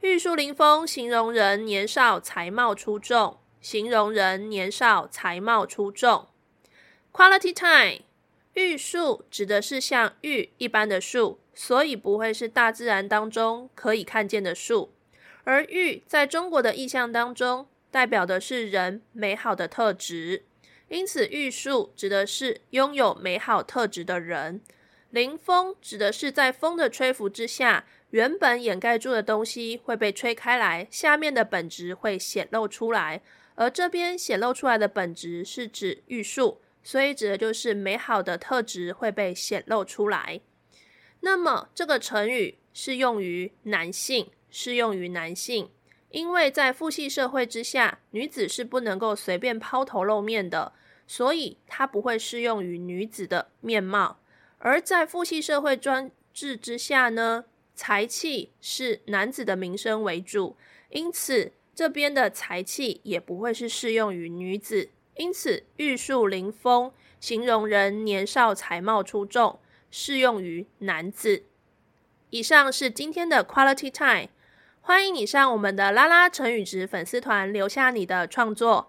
玉樹臨風形容人年少才貌出眾。形容人年少才貌出眾。Quality time。玉樹指的是像玉一般的樹，所以不會是大自然當中可以看見的樹。而玉在中國的意象當中，代表的是人美好的特質，因此玉樹指的是擁有美好特質的人。臨風指的是在風的吹拂之下，原本掩蓋住的東西會被吹開來，下面的本質會顯露出來。而這邊顯露出來的本質是指玉樹，所以指的就是美好的特質會被顯露出來。那麼這個成語適用於男性，適用於男性，因為在父系社會之下，女子是不能夠隨便拋頭露面的，所以它不會適用於女子的面貌。而在父系社會專制之下呢，才氣是男子的名聲為主，因此這邊的才氣也不會是適用於女子。因此，玉樹臨風形容人年少才貌出眾，適用於男子。以上是今天的 Quality Time，歡迎你上我們的拉拉成語質粉絲團留下你的創作。